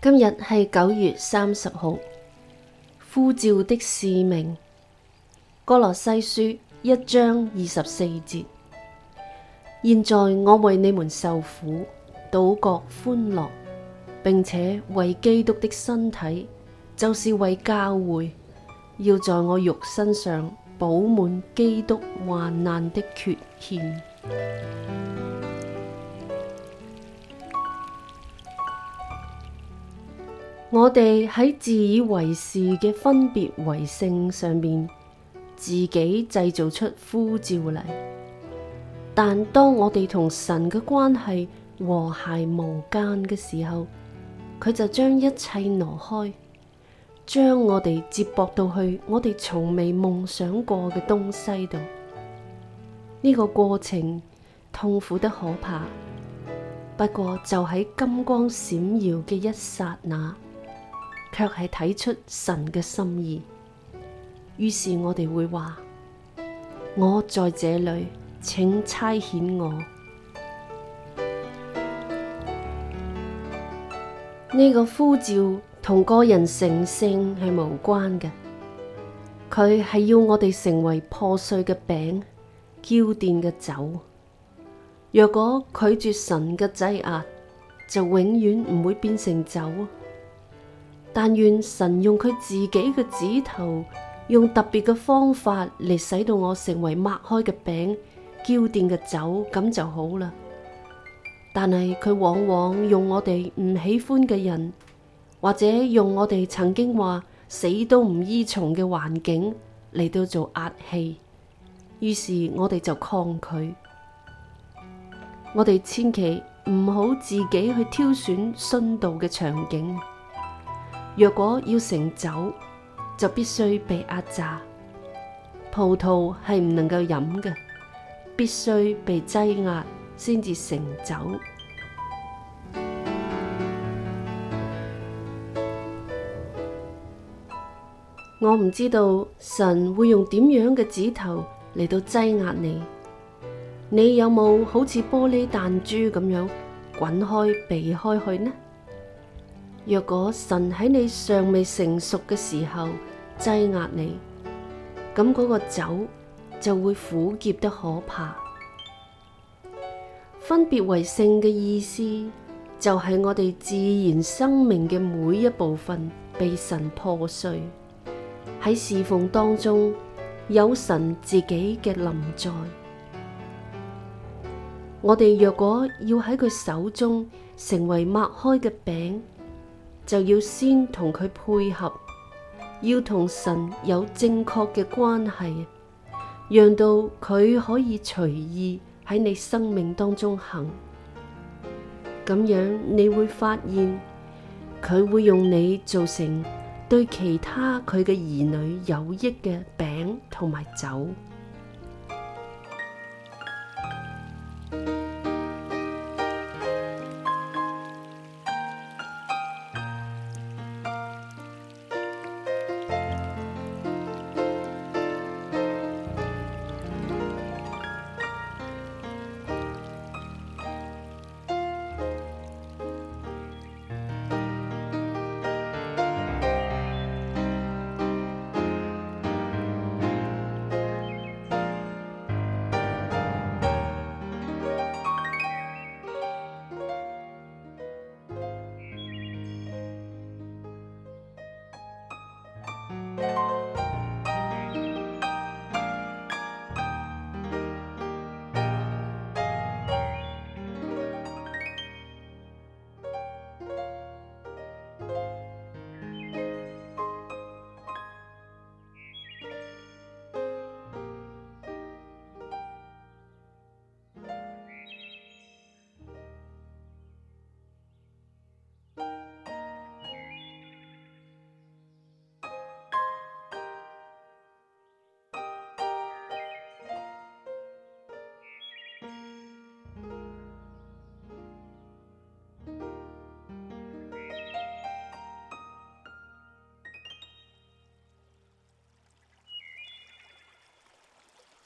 今日係九月三十號，呼召的使命，歌羅西書一章二十四節。現在我為你們受苦，倒覺歡樂，並且為基督的身體，就是為教會，要在我肉身上補滿基督患難的缺欠。我哋喺自以為是嘅分別為性上面，自己製造出呼召嚟。但當我哋同神嘅關係和諧無間嘅時候，佢就將一切挪開，將我哋接駁到去我哋從未夢想過嘅東西度。呢個過程痛苦得可怕，不過就喺金光閃耀嘅一刹那。卻係睇出神嘅心意，於是我哋會話：我在這裏，請差遣我。呢 個呼召同個人成聖係無關嘅，佢係要我哋成為破碎嘅餅、澆奠嘅酒。若果拒絕神嘅擠壓，就永遠唔會變成酒。但願神用佢自己嘅指頭，用特別嘅方法嚟，使到我成為擘開嘅餅、澆奠嘅酒，咁就好啦。但係佢往往用我哋唔喜歡嘅人，或者用我哋曾經話死都唔依從嘅環境嚟到做壓器，於是我哋就抗拒。我哋千祈唔好自己去挑選殉道嘅場景。若果要成酒，就必須被壓榨。葡萄係唔能夠飲嘅，必須被擠壓先至成酒。 我唔知道神會用點樣嘅指頭嚟到擠壓你，你有冇好似玻璃彈珠咁樣滾開避開佢呢？若果神喺你尚未成熟嘅時候擠壓你，咁嗰個酒就會苦澀得可怕。分別為性嘅意思，就係我哋自然生命嘅每一部分被神破碎，喺侍奉當中，有神自己嘅臨在。我哋若果要喺佢手中成為擘開嘅餅。就要先同佢配合，要同神有正確嘅關係，讓到佢可以隨意喺你生命當中行。咁樣你會發現，佢會用你做成對其他佢嘅兒女有益嘅餅同埋酒。